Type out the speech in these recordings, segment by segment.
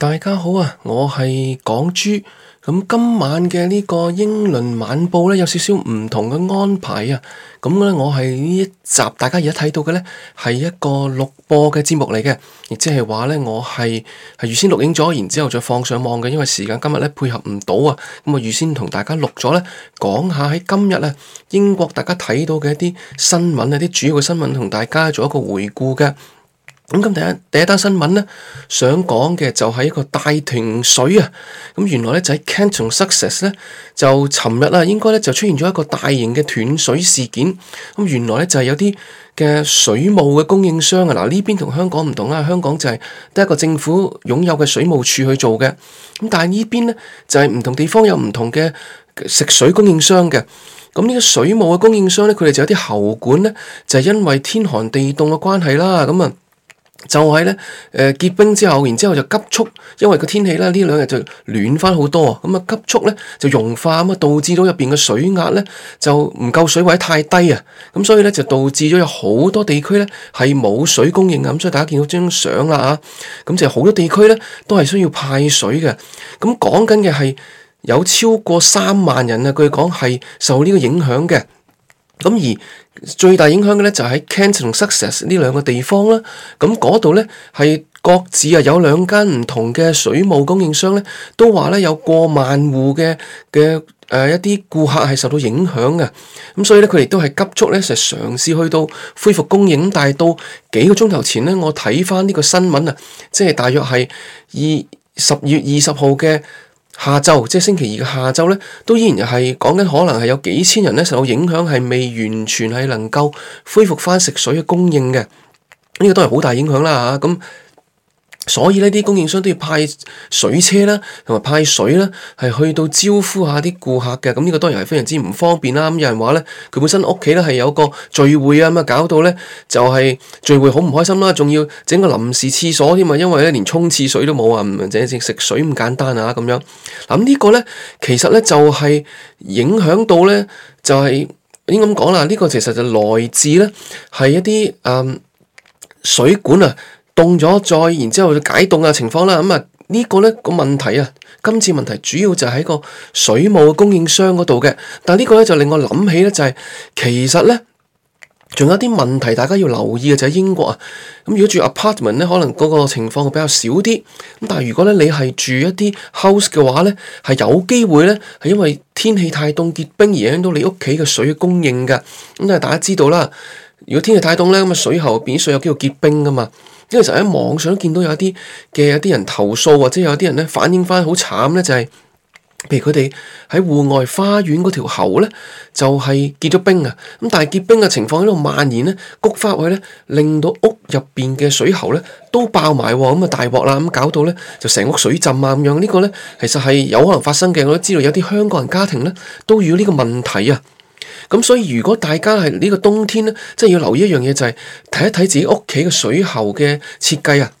大家好啊，我係港珠。咁今晚嘅呢個《英倫晚報》咧，有少少唔同嘅安排啊。咁咧，我係呢一集，大家而家睇到嘅咧，係一個錄播嘅節目嚟嘅，亦即係話咧，我係係預先錄影咗，然之後再放上網嘅。因為時間今日咧配合唔到啊，咁啊預先同大家錄咗咧，講下喺今日咧英國大家睇到嘅一啲新聞啊，一啲主要嘅新聞同大家做一個回顧嘅。咁咁第一第一單新聞咧，想講嘅就係一個大停水啊！咁原來咧就喺 Kent and Sussex 咧，就尋日啦，應該咧就出現咗一個大型嘅斷水事件。咁原來咧就係、是、有啲嘅水務嘅供應商啊，嗱呢邊同香港唔同啦，香港就係得一個政府擁有嘅水務署去做嘅。咁但係呢邊咧就係、是、唔同地方有唔同嘅食水供應商嘅。咁呢個水務嘅供應商咧，佢哋就有啲喉管咧，就係、是、因為天寒地凍嘅關係啦，咁啊～就喺咧，誒結冰之後，然之後就急速，因為個天氣咧呢兩日就暖翻好多啊，咁啊急速咧就融化咁啊，導致到入邊嘅水壓咧就唔夠，水位太低啊，咁所以咧就導致咗有好多地區咧係冇水供應啊，咁所以大家見到張相啦啊，咁就好多地區咧都係需要派水嘅，咁講緊嘅係有超過三萬人啊，據講係受呢個影響嘅。咁而最大影響嘅咧就喺 Kent 同 Sussex 呢兩個地方啦。咁嗰度咧係各自啊有兩間唔同嘅水務供應商咧，都話咧有過萬戶嘅嘅誒一啲顧客係受到影響嘅。咁所以咧佢哋都係急速咧，實嘗試去到恢復供應。但係到幾個鐘頭前咧，我睇翻呢個新聞啊，即係大約係二十月二十號嘅。下晝即係星期二嘅下晝咧，都依然係講緊可能係有幾千人咧受到影響，係未完全係能夠恢復翻食水嘅供應嘅，呢、這個都係好大影響啦嚇咁。所以呢啲供應商都要派水車啦，同埋派水啦，係去到招呼下啲顧客嘅。咁、嗯、呢、這個當然係非常之唔方便啦。咁、嗯、有人話咧，佢本身屋企咧係有個聚會啊，咁、嗯、啊搞到咧就係、是、聚會好唔開心啦，仲要整個臨時廁所添啊，因為咧連沖廁水都冇啊，唔淨淨食水咁簡單啊咁樣。咁、嗯這個、呢個咧其實咧就係影響到咧，就係應該咁講啦。呢、就是這個其實就來自咧係一啲誒、嗯、水管啊。凍咗，再然之後解凍嘅情況啦，咁啊呢個呢、呢個問題啊，今次問題主要就喺個水務供應商嗰度嘅。但係呢個呢，就令我諗起呢、就係，就係其實呢，仲有啲問題，大家要留意嘅就喺、係、英國啊。咁、嗯、如果住 apartment 呢，可能嗰個情況會比較少啲。咁但係如果咧你係住一啲 house 嘅話呢，係有機會呢，係因為天氣太凍結冰而影響到你屋企嘅水供應噶。咁、嗯、但係大家知道啦，如果天氣太凍呢，咁、嗯、水喉變水有機會結冰噶嘛。因為成日喺網上都見到有啲嘅，有啲人投訴，或者有啲人咧反映翻好慘咧，就係譬如佢哋喺戶外花園嗰條喉咧，就係結咗冰啊！咁但係結冰嘅情況喺度蔓延咧，菊花位咧令到屋入邊嘅水喉咧都爆埋喎，咁啊大鑊啦！咁搞到咧就成屋水浸啊！咁樣呢個咧其實係有可能發生嘅，我都知道有啲香港人家庭咧都遇到呢個問題啊。咁所以如果大家係呢個冬天咧，即係要留意一樣嘢，就係睇一睇自己屋企嘅水喉嘅設計啊。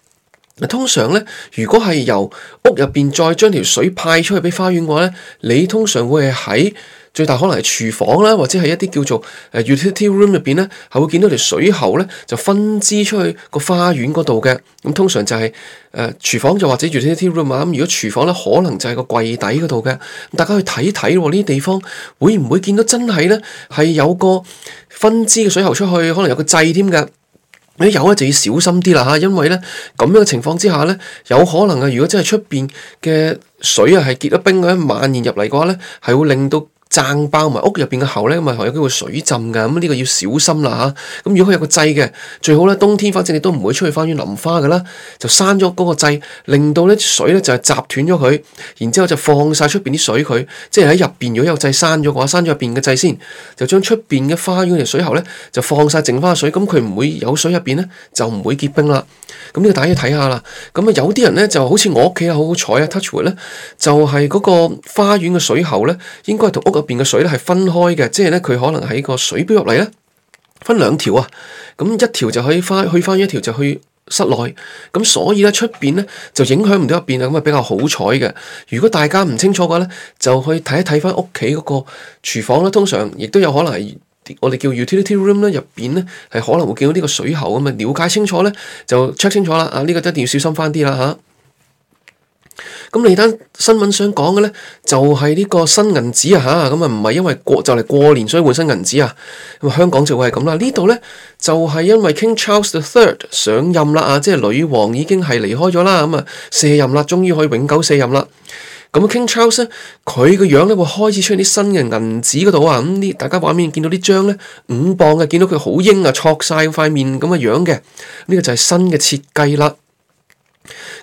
通常咧，如果係由屋入邊再將條水派出去俾花園嘅話咧，你通常會係喺。最大可能係廚房啦，或者係一啲叫做誒 utility room 入邊咧，係會見到條水喉咧就分支出去個花園嗰度嘅。咁通常就係、是、誒、呃、廚房就或者 utility room 啊。咁如果廚房咧可能就係個櫃底嗰度嘅，大家去睇睇呢啲地方，會唔會見到真係咧？係有個分支嘅水喉出去，可能有個掣添嘅。你有咧就要小心啲啦吓，因為咧咁樣嘅情況之下咧，有可能啊，如果真係出邊嘅水啊係結咗冰嘅，蔓延入嚟嘅話咧，係會令到。掙爆埋屋入邊嘅喉咧，咁咪有機會水浸噶，咁呢個要小心啦嚇。咁、啊、如果佢有個掣嘅，最好咧冬天反正你都唔會出去花園淋花噶啦，就閂咗嗰個掣，令到咧水咧就係、是、截斷咗佢，然之後就放晒出邊啲水佢。即係喺入邊如果有掣閂咗嘅話，閂咗入邊嘅掣先，就將出邊嘅花園嘅水喉咧就放晒淨花水，咁佢唔會有水入邊咧就唔會結冰啦。咁呢個大家要睇下啦。咁啊有啲人咧就好似我屋企啊好好彩啊 Touchwood 咧，就係、是、嗰個花園嘅水喉咧應該同屋。入邊嘅水咧係分開嘅，即係咧佢可能喺個水表入嚟咧分兩條啊，咁一條就可以翻去翻，一條就去室內，咁所以咧出邊咧就影響唔到入邊啊，咁啊比較好彩嘅。如果大家唔清楚嘅話咧，就去睇一睇翻屋企嗰個廚房啦。通常亦都有可能係我哋叫 utility room 咧入邊咧係可能會見到呢個水喉咁啊，了解清楚咧就 check 清楚啦啊，呢個一定要小心翻啲啦吓。啊咁另一單新聞想講嘅呢，就係呢個新銀紙啊吓，咁啊唔係因為過就嚟過年所以換新銀紙啊，咁香港就會係咁啦。呢、啊、度呢，就係、是、因為 King Charles the Third 上任啦啊，即係女王已經係離開咗啦，咁啊卸任啦，終於可以永久卸任啦。咁、啊嗯、King Charles 呢，佢個樣呢會開始出現啲新嘅銀紙嗰度啊，咁、嗯、啲大家畫面見到啲張呢，五磅啊，見到佢好英啊，挫晒塊面咁嘅樣嘅，呢個,、這個就係新嘅設計啦。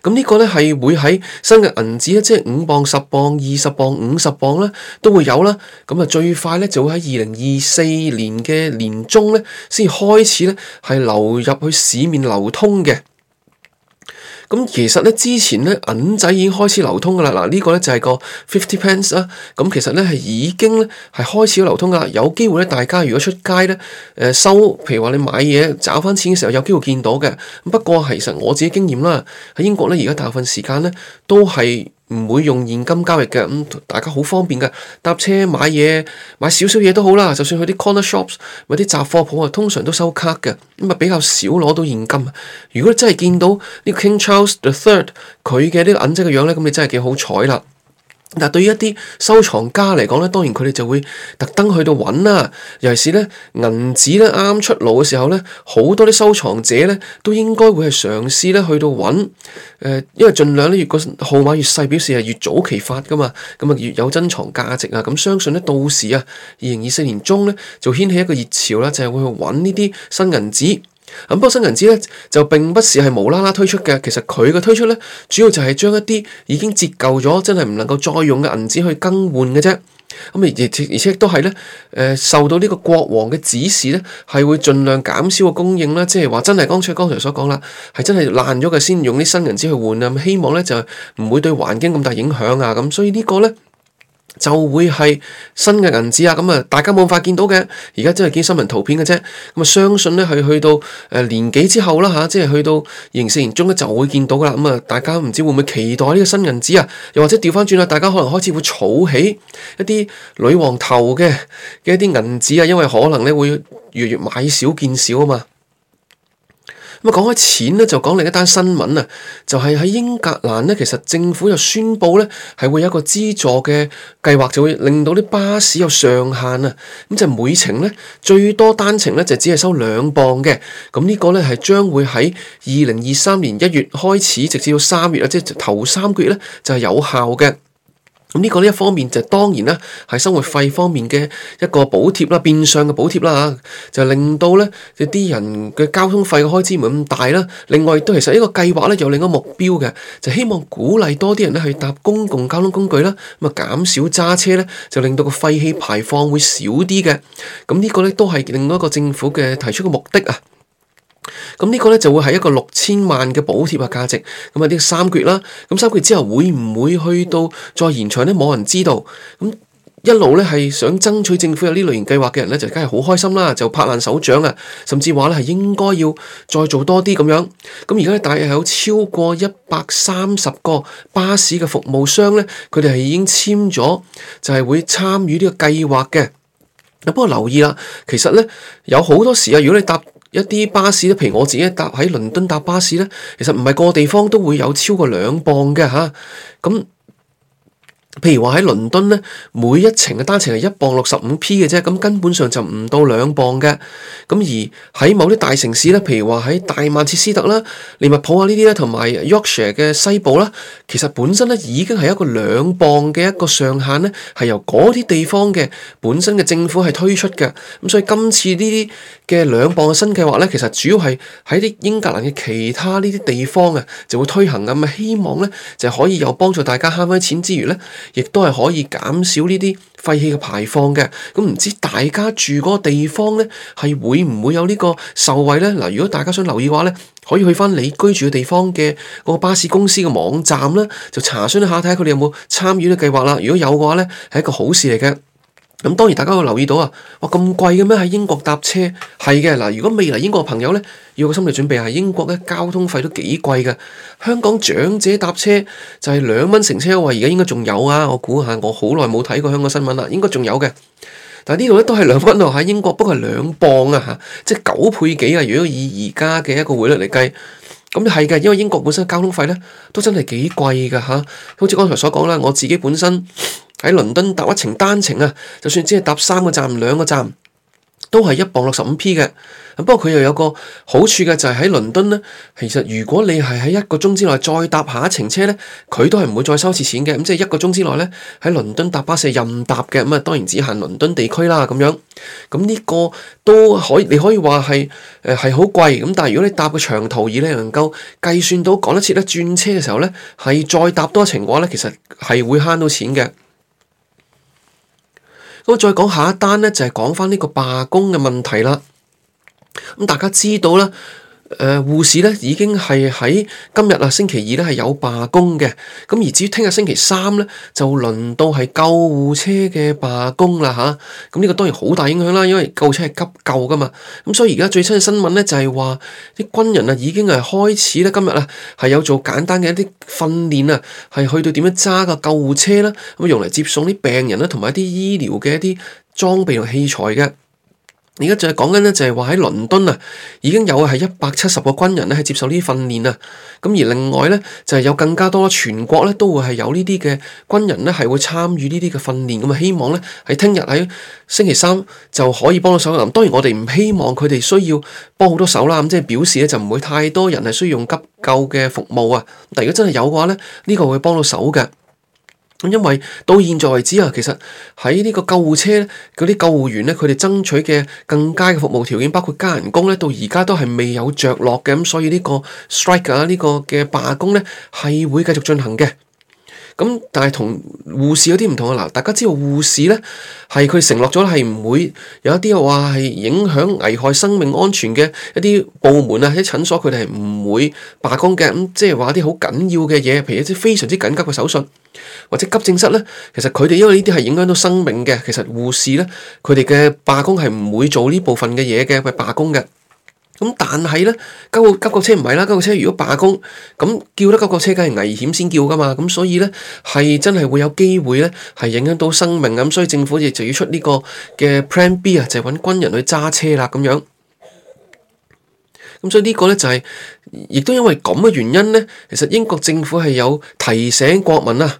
咁呢個咧係會喺新嘅銀紙咧，即係五磅、十磅、二十磅、五十磅咧，都會有啦。咁啊，最快咧就會喺二零二四年嘅年中咧，先開始咧係流入去市面流通嘅。咁、嗯、其實咧，之前咧銀仔已經開始流通噶啦，嗱、這個、呢、就是、個咧就係個 fifty pence 啦、啊。咁其實咧係已經咧係開始流通噶啦，有機會咧大家如果出街咧，誒、呃、收譬如話你買嘢找翻錢嘅時候有機會見到嘅。不過其實我自己經驗啦，喺英國咧而家大部分時間咧都係。唔會用現金交易嘅，咁大家好方便嘅，搭車買嘢買少少嘢都好啦。就算去啲 corner shops 買啲雜貨鋪啊，通常都收卡嘅，咁啊比較少攞到現金。如果你真係見到呢個 King Charles the Third 佢嘅呢個銀質嘅樣咧，咁你真係幾好彩啦！但對於一啲收藏家嚟講咧，當然佢哋就會特登去到揾啦、啊，尤其是咧銀紙咧啱出爐嘅時候咧，好多啲收藏者咧都應該會係嘗試咧去到揾，誒、呃，因為儘量咧越個號碼越細，表示係越早期發㗎嘛，咁啊越有珍藏價值啊，咁、嗯、相信咧到時啊，二零二四年中咧就掀起一個熱潮啦，就係、是、會去揾呢啲新銀紙。咁不過新銀紙咧就並不是係無啦啦推出嘅，其實佢嘅推出咧主要就係將一啲已經折舊咗，真係唔能夠再用嘅銀紙去更換嘅啫。咁而而且亦都係咧，誒、呃，受到呢個國王嘅指示咧，係會盡量減少個供應啦，即係話真係剛才剛才所講啦，係真係爛咗嘅先用啲新銀紙去換啊、嗯。希望咧就唔會對環境咁大影響啊。咁所以個呢個咧。就會係新嘅銀紙啊，咁啊，大家冇法見到嘅。而家真係見新聞圖片嘅啫。咁啊，相信咧佢去到誒年幾之後啦吓，即係去到二零二四年中，就會見到噶啦。咁啊，大家唔知會唔會期待呢個新銀紙啊？又或者調翻轉啦，大家可能開始會儲起一啲女王頭嘅嘅一啲銀紙啊，因為可能咧會月月買少見少啊嘛。咁啊，講開錢咧，就講另一單新聞啊，就係喺英格蘭咧，其實政府就宣布咧，係會有一個資助嘅計劃，就會令到啲巴士有上限啊。咁就每程咧，最多單程咧就只係收兩磅嘅。咁呢個咧係將會喺二零二三年一月開始，直至到三月啊，即係頭三個月咧就係有效嘅。咁呢個呢一方面就當然啦，係生活費方面嘅一個補貼啦，變相嘅補貼啦吓，就令到咧啲人嘅交通費嘅開支唔咁大啦。另外亦都其實呢個計劃咧，有另一個目標嘅，就希望鼓勵多啲人咧去搭公共交通工具啦，咁啊減少揸車咧，就令到個廢氣排放會少啲嘅。咁、這、呢個咧都係另外一個政府嘅提出嘅目的啊。咁呢個呢，就會係一個六千萬嘅補貼嘅價值，咁啊呢個三個月啦，咁三個月之後會唔會去到再延長呢？冇人知道。咁一路呢，係想爭取政府有呢類型計劃嘅人呢，就梗係好開心啦，就拍爛手掌啊，甚至話呢，係應該要再做多啲咁樣。咁而家大約係有超過一百三十個巴士嘅服務商呢，佢哋係已經簽咗，就係會參與呢個計劃嘅。不過留意啦，其實呢，有好多時啊，如果你搭一啲巴士咧，譬如我自己搭喺倫敦搭巴士咧，其實唔係個地方都會有超過兩磅嘅嚇，咁。嗯譬如話喺倫敦咧，每一程嘅單程係一磅六十五 p 嘅啫，咁根本上就唔到兩磅嘅。咁而喺某啲大城市咧，譬如話喺大曼徹斯特啦、利物浦啊呢啲咧，同埋 Yorkshire 嘅西部啦，其實本身咧已經係一個兩磅嘅一個上限咧，係由嗰啲地方嘅本身嘅政府係推出嘅。咁所以今次呢啲嘅兩磅嘅新計劃咧，其實主要係喺啲英格蘭嘅其他呢啲地方啊，就會推行咁啊，希望咧就可以有幫助大家慳翻錢之餘咧。亦都係可以減少呢啲廢氣嘅排放嘅，咁唔知大家住嗰個地方咧，係會唔會有呢個受惠咧？嗱，如果大家想留意嘅話咧，可以去翻你居住嘅地方嘅嗰個巴士公司嘅網站咧，就查詢一下睇下佢哋有冇參與呢個計劃啦。如果有嘅話咧，係一個好事嚟嘅。咁當然，大家會留意到啊！哇，咁貴嘅咩？喺英國搭車係嘅嗱。如果未嚟英國嘅朋友咧，要有個心理準備啊！英國咧交通費都幾貴㗎。香港長者搭車就係兩蚊乘車，我而家應該仲有啊！我估下，我好耐冇睇過香港新聞啦，應該仲有嘅。但係呢度咧都係兩蚊喎，喺英國不過係兩磅啊吓，即係九倍幾啊！如果以而家嘅一個匯率嚟計，咁係嘅，因為英國本身交通費咧都真係幾貴㗎吓。好似剛才所講啦，我自己本身。喺倫敦搭一程單程啊，就算只係搭三個站兩個站，都係一磅六十五 p 嘅。不過佢又有個好處嘅，就係喺倫敦咧。其實如果你係喺一個鐘之內再搭下一程車咧，佢都係唔會再收次錢嘅。咁、嗯、即係一個鐘之內咧，喺倫敦搭巴士任搭嘅。咁、嗯、啊當然只限倫敦地區啦咁樣。咁、嗯、呢、這個都可以，你可以話係誒係好貴。咁、呃、但係如果你搭個長途而咧能夠計算到趕得切咧轉車嘅時候咧，係再搭多一程嘅話咧，其實係會慳到錢嘅。咁再講下一單呢，就係講返呢個罷工嘅問題啦。咁大家知道啦。誒、護、呃、士已經係喺今日啊，星期二呢係有罷工嘅。咁而至於聽日星期三呢就輪到係救護車嘅罷工啦吓，咁、啊、呢、這個當然好大影響啦，因為救護車係急救㗎嘛，咁、啊、所以而家最新嘅新聞呢就係話啲軍人已經係開始今日啊係有做簡單嘅一啲訓練啊，係去到點樣揸個救護車啦，咁用嚟接送啲病人啦，同埋一啲醫療嘅一啲裝備同器材嘅。而家就係講緊咧，就係話喺倫敦啊，已經有係一百七十個軍人咧係接受呢訓練啊。咁而另外咧，就係有更加多全國咧都會係有呢啲嘅軍人咧係會參與呢啲嘅訓練。咁啊，希望咧喺聽日喺星期三就可以幫到手。咁當然我哋唔希望佢哋需要幫好多手啦。咁即係表示咧就唔會太多人係需要用急救嘅服務啊。但係如果真係有嘅話咧，呢個會幫到手嘅。咁因為到現在為止啊，其實喺呢個救護車嗰啲救護員咧，佢哋爭取嘅更加嘅服務條件，包括加人工咧，到而家都係未有着落嘅，咁所以個個呢個 strike 啊，呢個嘅罷工咧，係會繼續進行嘅。咁但係同護士有啲唔同啊！嗱，大家知道護士咧，係佢承諾咗係唔會有一啲話係影響危害生命安全嘅一啲部門啊，一啲診所佢哋係唔會罷工嘅。咁即係話啲好緊要嘅嘢，譬如一啲非常之緊急嘅手術或者急症室咧，其實佢哋因為呢啲係影響到生命嘅，其實護士咧，佢哋嘅罷工係唔會做呢部分嘅嘢嘅，佢罷工嘅。咁但係呢，急救急救車唔係啦，急救車如果罷工，咁叫得急救車梗係危險先叫噶嘛，咁所以呢，係真係會有機會呢，係影響到生命咁，嗯，所以政府亦就要出呢個嘅 Plan B 啊，就係揾軍人去揸車啦咁樣。咁所以呢個呢、就係，就係，亦都因為咁嘅原因呢。其實英國政府係有提醒國民啊，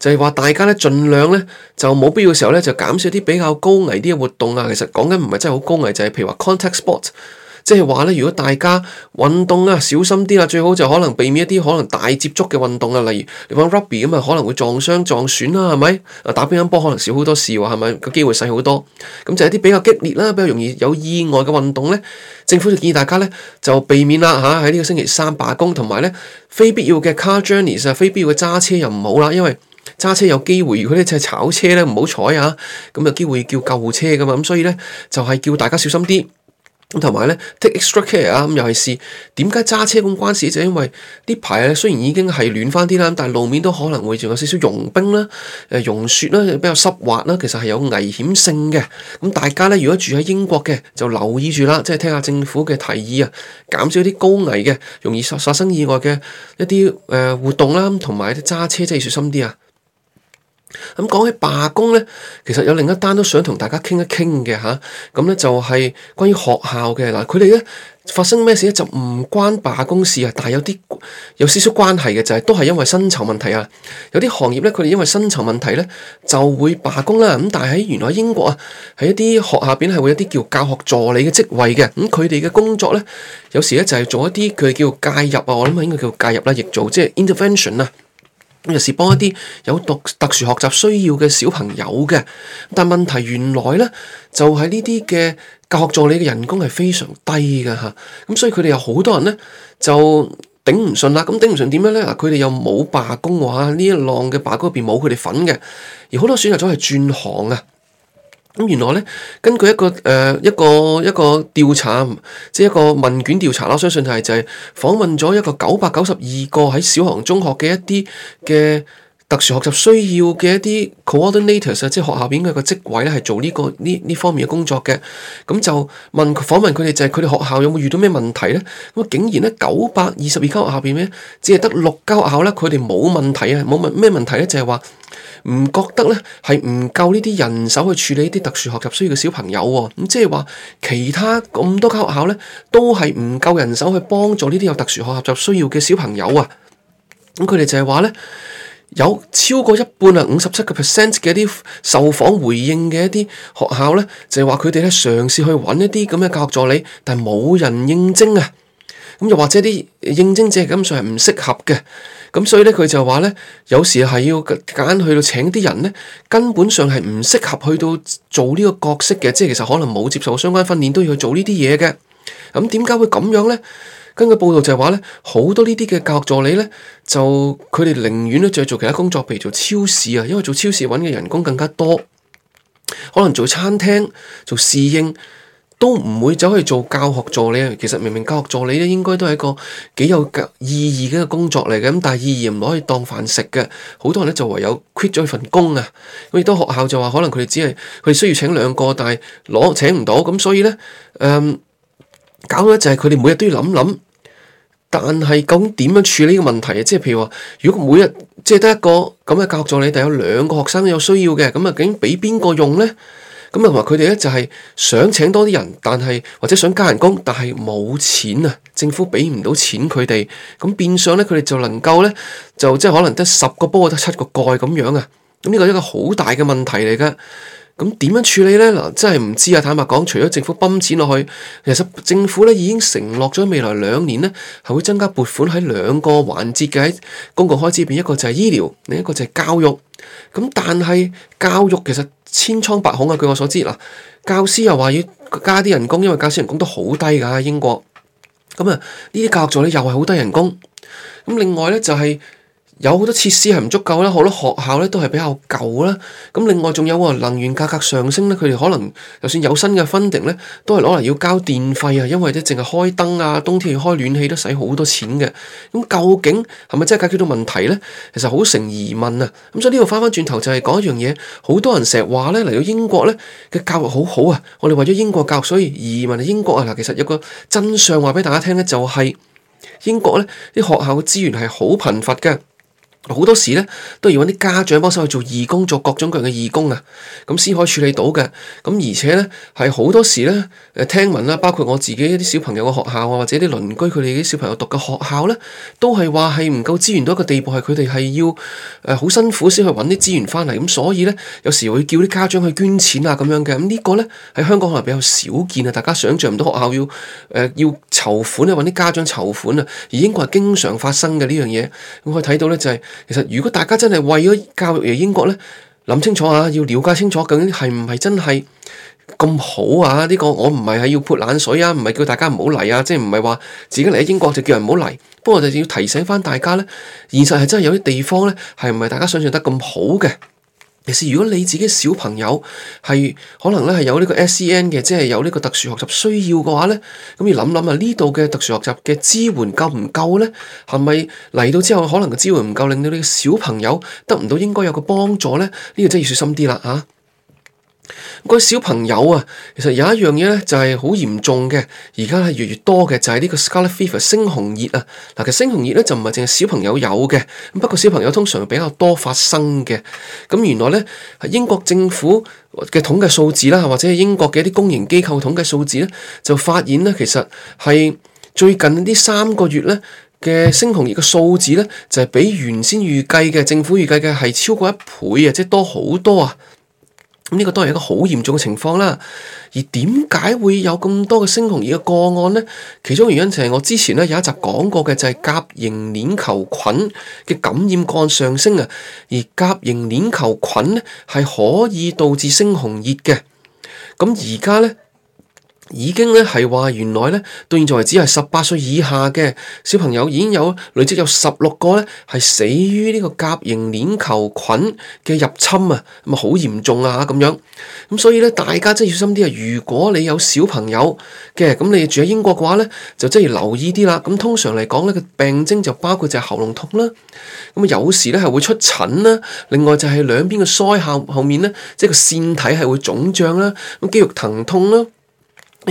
就係、係、話大家呢，盡量呢，就冇必要時候呢，就減少啲比較高危啲嘅活動啊。其實講緊唔係真係好高危，就係、係、譬如話 contact sports。即係話咧，如果大家運動啊，小心啲啊，最好就可能避免一啲可能大接觸嘅運動啊，例如你玩 rugby 咁啊，可能會撞傷撞損啦，係咪？啊，打乒乓波可能少好多事喎，係咪？個機會細好多。咁就係一啲比較激烈啦，比較容易有意外嘅運動咧，政府就建議大家咧就避免啦吓。喺啊，呢個星期三罷工，同埋咧非必要嘅 car journeys，非必要嘅揸車又唔好啦，因為揸車有機會，如果你即係炒車咧唔好彩啊，咁有機會叫救護車噶嘛，咁所以咧就係叫大家小心啲。同埋咧，take extra care 啊！咁又係試點解揸車咁關事？就因為呢排咧，雖然已經係暖翻啲啦，但路面都可能會仲有少少溶冰啦、誒、啊、融雪啦、啊，比較濕滑啦、啊，其實係有危險性嘅。咁、啊、大家咧，如果住喺英國嘅，就留意住啦，即係聽下政府嘅提議啊，減少啲高危嘅、容易發生意外嘅一啲誒、呃、活動啦，同埋啲揸車真係小心啲啊！咁講、嗯、起罷工呢，其實有另一單都想同大家傾一傾嘅吓，咁、啊、咧、嗯、就係、是、關於學校嘅。嗱，佢哋呢，發生咩事呢？就唔關罷工事啊，但係有啲有少少關係嘅就係、是、都係因為薪酬問題啊，有啲行業呢，佢哋因為薪酬問題呢就會罷工啦、啊。咁但係喺原來英國啊，喺一啲學校入邊係會有啲叫教學助理嘅職位嘅，咁佢哋嘅工作呢，有時呢就係做一啲佢叫介入啊，我諗啊應該叫介入啦、啊，亦做即係 intervention 啊。有時幫一啲有讀特殊學習需要嘅小朋友嘅，但問題原來咧就係呢啲嘅教學助理嘅人工係非常低嘅吓，咁、啊、所以佢哋有好多人咧就頂唔順啦，咁頂唔順點樣咧？嗱，佢哋又冇罷工話，呢一浪嘅罷工入邊冇佢哋份嘅，而好多選擇咗去轉行啊。咁原來咧，根據一個誒、呃、一個一個調查，即係一個問卷調查啦，相信就係就係訪問咗一個九百九十二個喺小學、中學嘅一啲嘅特殊學習需要嘅一啲 coordinators 即係學校邊嘅一個職位咧，係做呢個呢呢方面嘅工作嘅。咁就問訪問佢哋，就係佢哋學校有冇遇到咩問題呢？咁竟然呢，九百二十二間學校下邊咧，只係得六間學校呢，佢哋冇問題啊，冇問咩問題呢？就係話唔覺得呢係唔夠呢啲人手去處理啲特殊學習需要嘅小朋友啊。咁即係話其他咁多間學校呢，都係唔夠人手去幫助呢啲有特殊學習習需要嘅小朋友啊。咁佢哋就係話呢。有超過一半啊，五十七個 percent 嘅一啲受訪回應嘅一啲學校呢，就係話佢哋咧嘗試去揾一啲咁嘅教育助理，但係冇人應徵啊。咁又或者啲應徵者係根本上係唔適合嘅。咁所以呢，佢就話呢，有時係要揀去到請啲人呢，根本上係唔適合去到做呢個角色嘅。即係其實可能冇接受相關訓練都要去做呢啲嘢嘅。咁點解會咁樣呢？根據報道就係話咧，好多呢啲嘅教學助理咧，就佢哋寧願咧再做其他工作，譬如做超市啊，因為做超市揾嘅人工更加多，可能做餐廳做侍應都唔會走去做教學助理。其實明明教學助理咧，應該都係一個幾有意義嘅工作嚟嘅，咁但係意義唔可以當飯食嘅。好多人咧就唯有 quit 咗份工啊。咁亦都學校就話，可能佢哋只係佢哋需要請兩個，但係攞請唔到，咁所以咧，誒、嗯，搞到咧就係佢哋每日都要諗諗。但係咁點樣處理呢個問題啊？即係譬如話，如果每日即係得一個咁嘅教助你哋有兩個學生有需要嘅，咁啊，究竟俾邊個用呢？咁啊，同埋佢哋咧就係、是、想請多啲人，但係或者想加人工，但係冇錢啊！政府俾唔到錢佢哋，咁變相咧，佢哋就能夠咧就即係可能得十個波，得七個蓋咁樣啊！咁呢個一個好大嘅問題嚟噶。咁點樣處理呢？嗱，真係唔知啊！坦白講，除咗政府泵錢落去，其實政府咧已經承諾咗未來兩年呢係會增加撥款喺兩個環節嘅喺公共開支入邊，一個就係醫療，另一個就係教育。咁但係教育其實千瘡百孔啊！據我所知，嗱，教師又話要加啲人工，因為教師人工都好低㗎、啊，英國。咁啊，呢啲教學助理又係好低人工。咁另外呢就係、是。有好多設施係唔足夠啦，好多學校咧都係比較舊啦。咁另外仲有啊，能源價格上升咧，佢哋可能就算有新嘅 funding 咧，都係攞嚟要交電費啊。因為咧淨係開燈啊，冬天要開暖氣都使好多錢嘅。咁究竟係咪真係解決到問題咧？其實好成疑問啊。咁所以呢度翻翻轉頭就係講一樣嘢，好多人成日話咧嚟到英國咧嘅教育好好啊。我哋為咗英國教育所以移民英國啊嗱。其實有個真相話俾大家聽咧，就係、是、英國咧啲學校嘅資源係好貧乏嘅。好多時咧，都要揾啲家長幫手去做義工，做各種各樣嘅義工啊！咁先可以處理到嘅，咁而且咧係好多時咧，誒聽聞啦，包括我自己一啲小朋友嘅學校啊，或者啲鄰居佢哋啲小朋友讀嘅學校咧，都係話係唔夠資源到一個地步，係佢哋係要誒好、呃、辛苦先去揾啲資源翻嚟。咁所以咧，有時會叫啲家長去捐錢啊咁樣嘅。咁、嗯這個、呢個咧喺香港可能比較少見啊，大家想象唔到學校要誒、呃、要籌款啊，揾啲家長籌款啊，而英國係經常發生嘅呢樣嘢。咁、嗯、可以睇到咧就係、是。其實如果大家真係為咗教育嚟英國咧，諗清楚啊，要了解清楚究竟係唔係真係咁好啊？呢個我唔係係要潑冷水啊，唔係叫大家唔好嚟啊，即係唔係話自己嚟喺英國就叫人唔好嚟。不過我哋要提醒翻大家咧，現實係真係有啲地方咧係唔係大家想象得咁好嘅。其實如果你自己小朋友係可能咧係有呢個 SCN 嘅，即係有呢個特殊學習需要嘅話咧，咁要諗諗啊，呢度嘅特殊學習嘅支援夠唔夠咧？係咪嚟到之後可能個支援唔夠，令到你小朋友得唔到應該有個幫助咧？呢、這個真係要小心啲啦嚇。啊嗰啲小朋友啊，其實有一樣嘢咧，就係好嚴重嘅。而家係越越多嘅，就係呢個 Scarlet Fever 猩紅熱啊。嗱，其實猩紅熱咧就唔係淨係小朋友有嘅，不過小朋友通常比較多發生嘅。咁原來咧，英國政府嘅統計數字啦，或者係英國嘅一啲公營機構統計數字咧，就發現咧其實係最近呢三個月咧嘅猩紅熱嘅數字咧，就係比原先預計嘅政府預計嘅係超過一倍啊，即係多好多啊！咁呢個都係一個好嚴重嘅情況啦，而點解會有咁多嘅猩紅熱嘅個案呢？其中原因就係我之前咧有一集講過嘅，就係甲型鏈球菌嘅感染個案上升啊，而甲型鏈球菌咧係可以導致猩紅熱嘅，咁而家咧。已經咧係話，原來咧，到現在為止係十八歲以下嘅小朋友已經有累積有十六個咧係死於呢個甲型鏈球菌嘅入侵啊。咁啊，好嚴重啊，咁樣。咁所以咧，大家真係要小心啲啊。如果你有小朋友嘅，咁你住喺英國嘅話咧，就真係要留意啲啦。咁通常嚟講咧，個病徵就包括就係喉嚨痛啦，咁啊有時咧係會出疹啦另外就係兩邊嘅腮後後面咧，即係個腺體係會腫脹啦咁肌肉疼痛啦。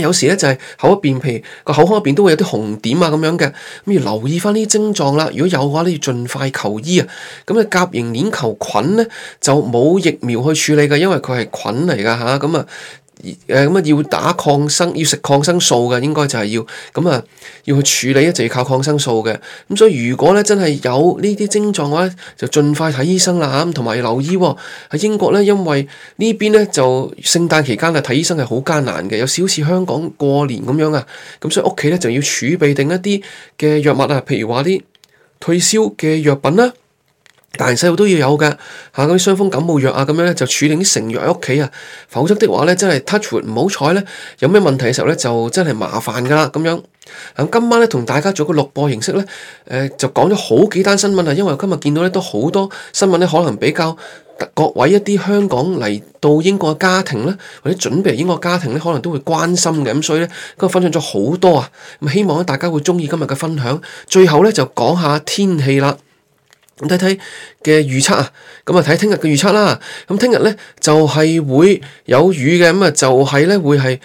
有時咧就係口入邊，譬如個口腔入邊都會有啲紅點啊咁樣嘅，咁要留意翻啲症狀啦。如果有嘅話咧，你要盡快求醫啊。咁咧，甲型鏈球菌咧就冇疫苗去處理嘅，因為佢係菌嚟噶吓。咁啊。嗯誒咁啊，要打抗生，要食抗生素嘅，應該就係要咁啊，要去處理，一就要靠抗生素嘅。咁所以如果咧真係有呢啲症狀嘅話，就盡快睇醫生啦，咁同埋留意喎，喺英國咧，因為呢邊咧就聖誕期間啊，睇醫生係好艱難嘅，有少少似香港過年咁樣啊。咁所以屋企咧就要儲備定一啲嘅藥物啊，譬如話啲退燒嘅藥品啦。大人、細路都要有㗎，嗰啲傷風感冒藥啊，咁樣咧就處理啲成藥喺屋企啊，否則的話呢，真係 touchwood 唔好彩咧，有咩問題嘅時候咧，就真係麻煩㗎喇咁樣。今晚呢，同大家做個錄播形式呢，呃、就講咗好幾單新聞啊，因為我今日見到呢，都好多新聞呢，可能比較各位一啲香港嚟到英國嘅家庭呢，或者準備英國家庭呢，可能都會關心嘅咁、嗯，所以咧，今日分享咗好多啊，希望咧大家會中意今日嘅分享。最後呢，就講下天氣啦。睇睇嘅預測啊，咁啊睇聽日嘅預測啦。咁聽日咧就係會有雨嘅，咁啊就係、是、咧會係誒、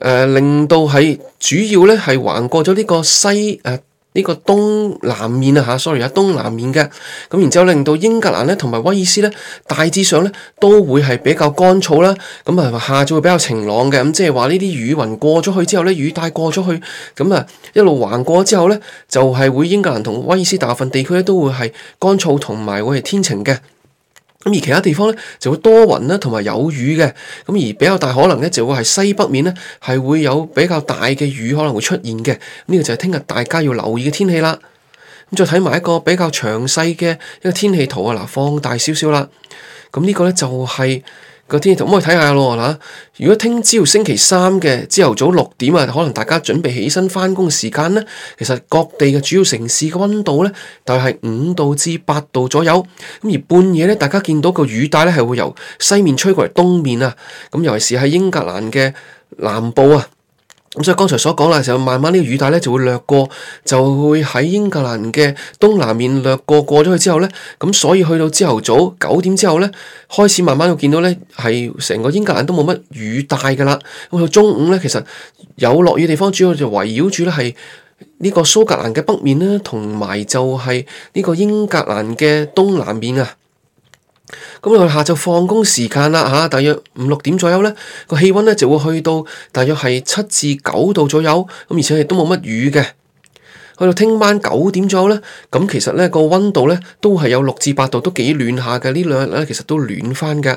呃、令到係主要咧係橫過咗呢個西誒。呃呢個東南面啊嚇，sorry 啊東南面嘅，咁然之後令到英格蘭咧同埋威爾斯咧大致上咧都會係比較乾燥啦，咁、嗯、啊下晝會比較晴朗嘅，咁、嗯、即係話呢啲雨雲過咗去之後咧，雨帶過咗去，咁啊一路橫過之後咧，就係、是、會英格蘭同威爾斯大部分地區咧都會係乾燥同埋會係天晴嘅。咁而其他地方咧就會多雲咧，同埋有雨嘅。咁而比較大可能咧，就會係西北面咧，係會有比較大嘅雨可能會出現嘅。呢個就係聽日大家要留意嘅天氣啦。咁再睇埋一個比較詳細嘅一個天氣圖啊，嗱，放大少少啦。咁呢個咧就係。個天氣圖可以睇下咯，如果聽朝星期三嘅朝頭早六點啊，可能大家準備起身翻工時間咧，其實各地嘅主要城市嘅溫度咧，大約係五度至八度左右。咁而半夜咧，大家見到個雨帶咧係會由西面吹過嚟東面啊，咁尤其是喺英格蘭嘅南部啊。咁、嗯、所以剛才所講啦，就慢慢呢個雨帶咧就會掠過，就會喺英格蘭嘅東南面掠過，過咗去之後咧，咁、嗯、所以去到朝頭早九點之後咧，開始慢慢會見到咧係成個英格蘭都冇乜雨帶噶啦。咁到中午咧，其實有落雨地方主要就圍繞住咧係呢個蘇格蘭嘅北面啦，同埋就係呢個英格蘭嘅東南面啊。咁我哋下晝放工時間啦吓，大約五六點左右咧，個氣溫咧就會去到大約係七至九度左右，咁而且亦都冇乜雨嘅。去到聽晚九點左右咧，咁其實咧個温度咧都係有六至八度，都幾暖下嘅。呢兩日咧其實都暖翻嘅。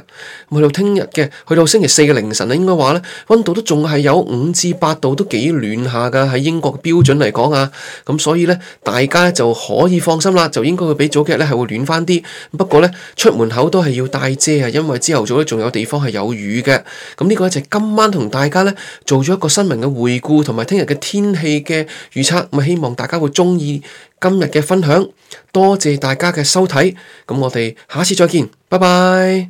去到聽日嘅，去到星期四嘅凌晨啊，應該話咧，温度都仲係有五至八度，都幾暖下嘅。喺英國嘅標準嚟講啊，咁所以咧大家就可以放心啦，就應該會比早幾日咧係會暖翻啲。不過咧出門口都係要帶遮啊，因為朝頭早咧仲有地方係有雨嘅。咁呢個就係今晚同大家咧做咗一個新聞嘅回顧，同埋聽日嘅天氣嘅預測。咁希望大大家會鍾意今日嘅分享，多謝大家嘅收睇，咁我哋下次再見，拜拜。